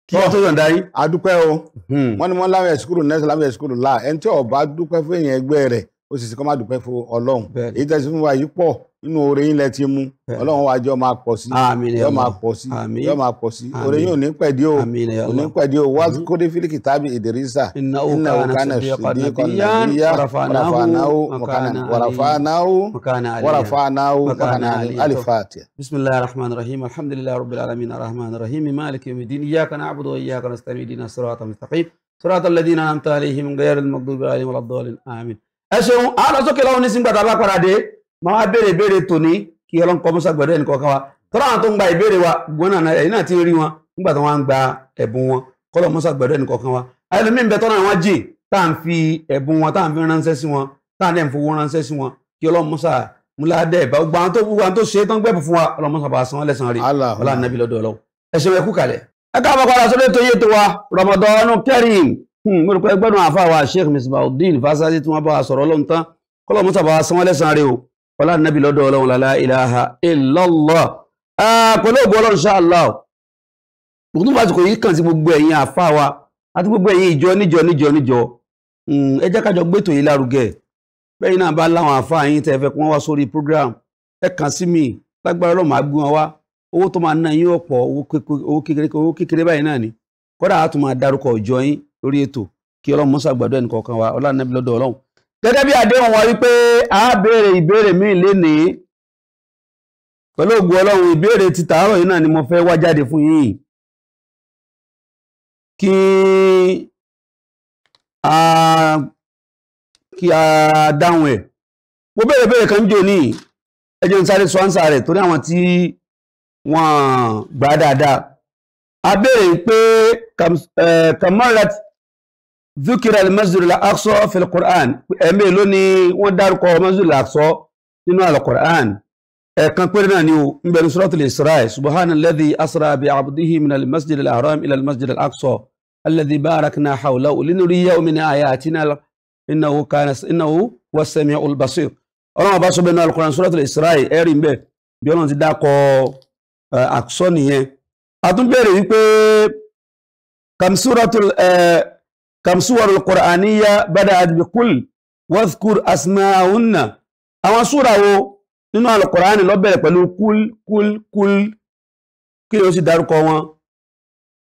kí tó yọ̀ǹda yín. adúpẹ́ o hmm. wọ́n ní wọ́n láwọn nẹ́sì láwọn láà ẹni tí dúpẹ́ fún èèyàn ẹgbẹ́ rẹ̀ ó sì sì kọ́ máa dúpẹ́ fún ọlọ́run èyí tẹ̀sí fún wa yìí pọ̀ nínú oore yín lẹ ti mú ọlọ́run wa jọ máa pọ̀ sí yọ máa pọ̀ sí yọ máa pọ̀ sí oore yín ò ní pẹ̀dí o ò ní pẹ̀dí o wá kóde fílíkì tàbí ìdírísà iná òkàna sídìí kọ̀nàbíyá wàràfàánáwó wàràfàánáwó wàràfàánáwó wàràfàánáwó alifatiya. bisimilahi rahman rahim alhamdulilayi rabbil alamin rahman rahim maliki yawmiddin iyyaka na'budu wa iyyaka nasta'in ẹ ṣeun a lọ sókè lọ́wọ́ nísìnyí gbàtà bá padà dé máa wá béèrè béèrè tòní kí ọlọ́run kọ́ mọ́sá gbọ́dọ̀ ẹnìkan kan wa tọ́lá àwọn tó ń gba ìbéèrè wa gbọ́n náà ẹ̀yìn náà ti rí wọn nígbà tó wọ́n ń gba ẹ̀bùn wọn kọ́lọ̀ mọ́sá gbọ́dọ̀ ẹnìkan kan wa ẹlòmíín bẹ tọ́lá àwọn jì tá à ń fi ẹ̀bùn wọn tá à ń fi ránṣẹ́ sí wọn tá à ń dẹ̀ ń fowó ránṣẹ́ sí wọn kí ọlọ́run mọ́sá múládẹ́ Hmm, mo rò pé gbọ́dọ̀ àfàwà sheikh misbahudeen fásitì tí wọ́n bá wa sọ̀rọ̀ ọlọ́run tán kọ́lọ̀ mọ́ta bá wa san wọ́n lẹ́sàn-án rẹ̀ o ọlá nàbí lọ́dọ̀ ọlọ́run lálá ilaha illallah pẹ̀lú ògbó ọlọ́run inshallah mo tún bá ti kò yí kàn sí gbogbo ẹ̀yin àfàwà àti gbogbo ẹ̀yin ìjọ níjọ níjọ níjọ hmm, ẹ jẹ́ kájọ gbẹ́tò yìí lárugẹ bẹ́ẹ̀ náà bá láwọn àfàà yín tẹ́ fẹ́ kí wọ́n wá sórí program ẹ kàn sí mi lágbára ọlọ́run máa gbé wọn wá owó tó máa ná yín ọ̀pọ̀ owó kékeré báyìí náà ni kọ́dà á tún máa darúkọ ìjọ yín lórí ètò kí ọlọ́run mọ́sá gbàdúrà ẹnì kọ̀ọ̀kan wa ọlá nẹ́bí lọ́dọ̀ ọlọ́run gẹ́gẹ́ bí àdéhùn wa wípé a béèrè ìbéèrè míì lénìí pẹ̀lú ògùn ọlọ́run ìbéèrè ti tàárọ̀ yìí náà ni mo fẹ́ wá jáde fún yín kí a kí a dáhùn ẹ̀ mo béèrè béèrè kan jò ní ẹ jẹ́ n sáré sọ ánsà rẹ̀ torí àwọn tí wọ́n gbà dáadáa a béèrè pé eh, kamarat zukira al-masjid al-aqsa fi al-qur'an ẹ̀mẹ́ ló ní wọ́n dárúkọ masjid al-aqsa nínú al-qur'an ẹ̀kan péré náà ni ó ń bẹ̀rù suratul isra'i subhana alladhi asra bi abdihi min al-masjid al-haram ila al-masjid al-aqsa alladhi barakna hawlahu linuriyahu min ayatina innahu kana innahu huwa as-sami'ul basir bá sọ bẹ́ẹ̀ náà al-qur'an suratul isra'i ẹ̀rí ń bẹ̀ bí ọlọ́run ti dákọ aqsa nìyẹn a wípé kam suratul kam súwọ̀rọ̀ al-Qur'aniyya bada adbikul wadhkur asma'unna àwọn súra wo nínú al-Qur'ani ló bẹ̀rẹ̀ pẹ̀lú kúl kúl kúl kí ni ó sì dárúkọ wọn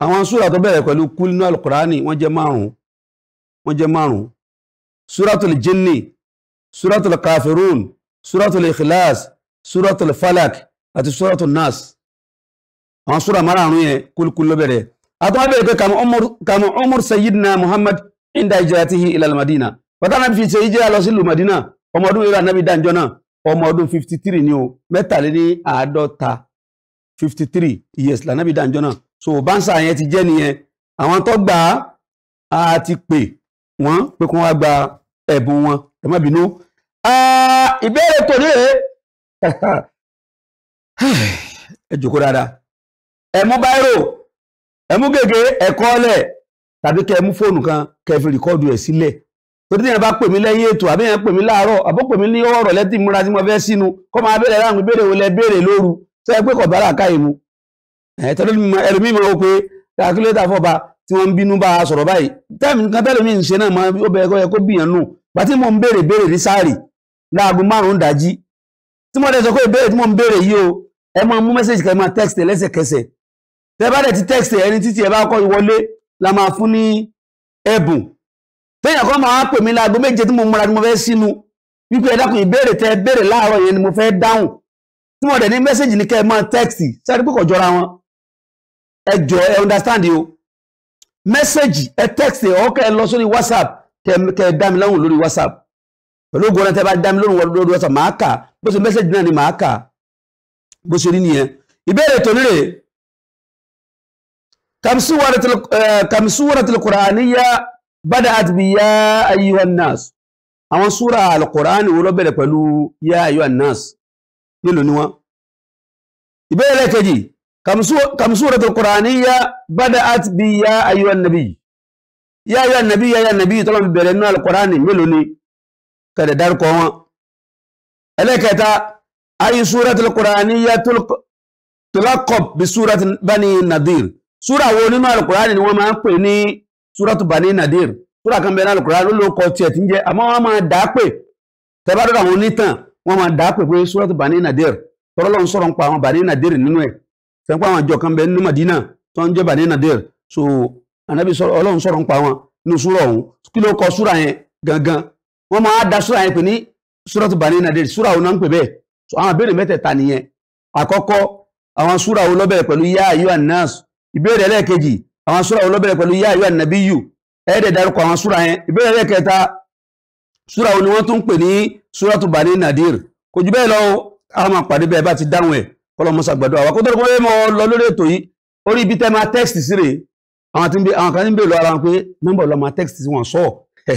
àwọn súra tó bẹ̀rẹ̀ pẹ̀lú kúl nínú al-Qur'ani wọ́n jẹ́ márùn-ún wọ́n jẹ́ márùn-ún súratul jinni súratul kafirun súratul ikhlas súratul falak àti súratul nas àwọn súra márùn-ún yẹn kúl kúl ló bẹ̀rẹ̀ àtọ́wọ́bẹ̀ pé kàmù umar sayyidina muhammad inda hijratihi ila al-madina bàtà náà fi ṣe hijira lọ sílùú madina ọmọ ọdún ìlú ànábì dáńjọ́ náà ọmọ ọdún 53 ni o mẹ́tàléní 53 years lànábì dáńjọ́ náà so báńsà yẹn ti jẹ́ nìyẹn àwọn tó gbà á ti pè wọ́n pé kí wọ́n gba ẹ̀bùn wọn ẹ má bínú. ìbéèrè tòní rèé ẹ jòkó dáadáa ẹ mú báírò emu gege gègé ẹ̀kọ́ ọlẹ̀ tàbí kẹ́ ẹ kan kẹ́ ẹ fi rìkọ́ọ̀dù ẹ̀ sílẹ̀ torí tí yẹn bá pè m lẹ́yìn ètò àbí yẹn pè mí láàárọ̀ àbó pè mí ní ọ̀rọ̀ lẹ́tí múra tí mo fẹ́ sínú kọ́ máa lẹ mu fọba tí wọ́n ń bínú bá a sọ̀rọ̀ báyìí tẹ́ẹ̀mì nǹkan tẹ́lòmíì ń ṣe náà máa ó bẹ̀rẹ̀ kọ́ yẹ kó mo mo mo o tẹ́bá dẹ̀ ti text ẹni títí ẹ bá kọ́ ìwọlé la máa fún ní ẹ̀bùn téèyàn kan máa pè mí láago méje tí mo múra ni mo fẹ́ sínú wípé ẹ dákun ìbéèrè tẹ́ béèrè láàárọ̀ yẹn ni mo fẹ́ dáhùn tí mo dẹ̀ ní mẹ́sẹ̀jì ní kẹ́ ẹ máa text sáré pé kò jọra wọn ẹ jọ ẹ understand o mẹ́sẹ̀jì ẹ text ẹ ọkẹ́ ẹ lọ sórí whatsapp kẹ́ ke dá mi lóhùn lórí whatsapp pẹ̀lú gona ọ̀nà tẹ́ bá mi lóhùn lórí whatsapp màá kà bó ṣe mẹ́sẹ̀jì náà ni màá kà bó ṣe rí nìyẹn ìbéèrè tòní rèé kam suratul qur'aniyya bada'at bi ya ayyuhan nas àwọn súra alqur'ani wo ló bẹ̀rẹ̀ pẹ̀lú ya ayyuhan nas nílò ní wọn ìbéèrè kejì kam suratul qur'aniyya bada'at bi ya ayyuhan nabi ya ayyuhan nabi ya ayyuhan nabi tọ́lọ́ bẹ̀rẹ̀ nínú alqur'ani mélòó ni kẹ̀dẹ̀ dárúkọ wọn ẹlẹ́kẹta ayi suratul qur'aniyya tulaqab bi surati bani nadir súrà wo nínú alukurani ni wọ́n máa ń pè ní súràtù Bani Nadir súrà kan bẹ ní alukurani ló lóko tiẹ̀ ti ń jẹ́ àmọ́ wọ́n máa dàá pè tẹ́bádọ́dọ̀ àwọn onítàn wọ́n máa dàá pè pé súràtù Bani Nadir tọ́lọ́lọ́ ń sọ̀rọ̀ ń pa àwọn Bani Nadir nínú ẹ̀ fẹ́ńpá àwọn àjọ kan bẹ nínú Madina tó ń jẹ́ Bani Nadir so anabi ọlọ́run sọ̀rọ̀ ń pa wọn nínú súrà ọ̀hún kí ló kọ súrà yẹn gangan wọ́n máa da súrà yẹn pè ní súràtù Bani Nadir súrà ọ̀hún náà ń pè bẹ́ẹ̀ so àwọn abẹ́rẹ́ mẹ́tẹ̀ẹ̀ta nìyẹn àkọ́kọ́ àwọn súrà ọ̀hún lọ́bẹ̀rẹ̀ pẹ̀lú yá ayọ́ anas ìbéèrè ẹlẹ́ẹ̀kejì àwọn súra wo ló bẹ̀rẹ̀ pẹ̀lú yá ìwé nàbí yù ẹ̀ẹ́dẹ̀ darúkọ àwọn súra yẹn ìbéèrè ẹlẹ́ẹ̀kẹta súra wo ni wọ́n tún pè ní súra tó bà ní nadir kò jù bẹ́ẹ̀ lọ àwọn àpàdé bẹ́ẹ̀ bá ti dáhùn ẹ̀ kọ́lọ́ mọ́sá gbàdúrà wa kó tó rẹ̀ mọ́ lọ lórí ètò yìí orí ibi tẹ́ máa tẹ́kìtì sí rèé àwọn kan ń bèèrè lọ ara wọn pé nọ́mbà lọ máa tẹ́kìtì sí wọn sọ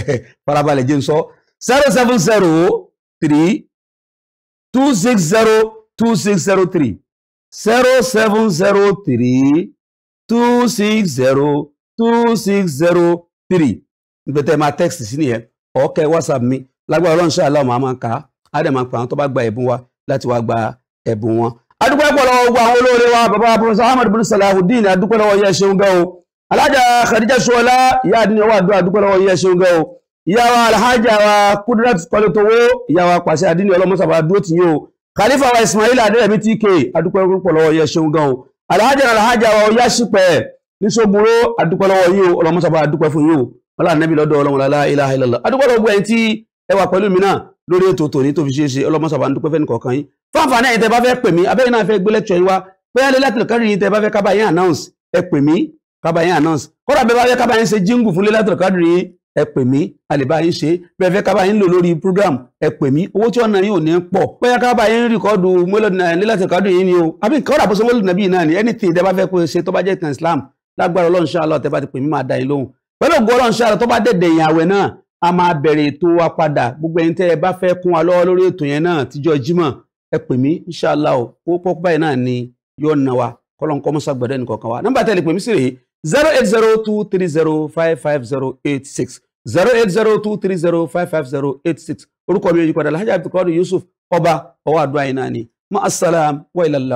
farabalẹ̀ jẹ́ ń sọ zero seven zero three two six zero two six zero three zero seven zero three two six zero two six zero three ìgbẹ́tẹ̀ máa text sí nìyẹn ọ̀kẹ́ whatsapp mi lágbára ọlọ́run ṣáà láwọn máa ka á dẹ̀ máa pa àwọn tó bá gba ẹ̀bùn wa láti wá gba ẹ̀bùn wọn. adúpẹ́ pọ̀lọ́ ogun àwọn olóore wa bàbá professor ahmed bin salahudeen adúpẹ́ lọ́wọ́ yẹ ṣeun gan o alájà khadija suwọlá ìyá àdínní ọwọ́ àdúrà adúpẹ́ lọ́wọ́ yẹ ṣeun gan o ìyá alhaja wa kudrat kọlẹtọwọ ìyá wa pàṣẹ àdínní ọlọmọsàbà dúró tìyẹn o khalifa wa ismail adéyẹmí tk adúpẹ́ pọ̀lọ́ yẹ ṣeun gan o alhaja alhaja wa ọ̀yá sípẹ̀ ní sógunró adúpẹ́ lọ́wọ́ yìí o ọlọ́mọ sábà adúpẹ́ fún yìí o wọ́n láà nẹ́bí lọ́dọ̀ ọlọ́run lálá ilaha illallah adúpẹ́ lọ́wọ́ ẹ̀ tí ẹ wà pẹ̀lú mi náà lórí ètò tòní tó fi ṣe é ṣe ọlọ́mọ sábà adúpẹ́ fẹ́ nìkọ̀ọ̀kan yín fáǹfààní ẹ̀yin tẹ́ bá fẹ́ pè mí abẹ́yìn náà fẹ́ gbé lẹ́kṣọ̀ yín wá bóyá lé láti lọ́kàrí yín tẹ́ bá fẹ́ ẹ pè mí a lè bá yín ṣe bẹ́ẹ̀ fẹ́ ká yín lò lórí program ẹ pè mí owó tí ọ̀nà yín ò ní pọ̀ bóyá ká yín rìkọ́dù mélòdì náà ní láti kádùn yín ni o àbí nǹkan ọ̀rọ̀ àbọ̀sọ mélòdì náà bíi náà ni anything tẹ́ bá fẹ́ kó ṣe tó bá jẹ́ ìtàn Islam lágbára Ọlọ́run ṣáàlọ́ tẹ́ bá ti pè mí máa dá yín lóhùn pẹ̀lú ògo Ọlọ́run ṣáàlọ́ tó bá dẹ̀dẹ̀ yìn àwẹ̀ náà a máa bẹ̀rẹ̀ ètò wa padà gbogbo ẹni tẹ́ ẹ bá fẹ́ kún wa lọ́wọ́ lórí ètò yẹn náà tíjọ́ Jímọ̀ ẹ pè mí inshallah o kó pọ́pọ́ báyìí náà ni yóò ná wa kọ́lọ́n kọ́ mọ́sá gbọ́dọ̀ nìkan kan wa nọ́mbà tẹ́lẹ̀ pè mí sí rèé 08023055086 08023055086 orúkọ mi ò yípadà Alhaji Abdulkadir Yusuf ọba ọwọ́ àdúrà yìí náà ni ma assalam wa ilal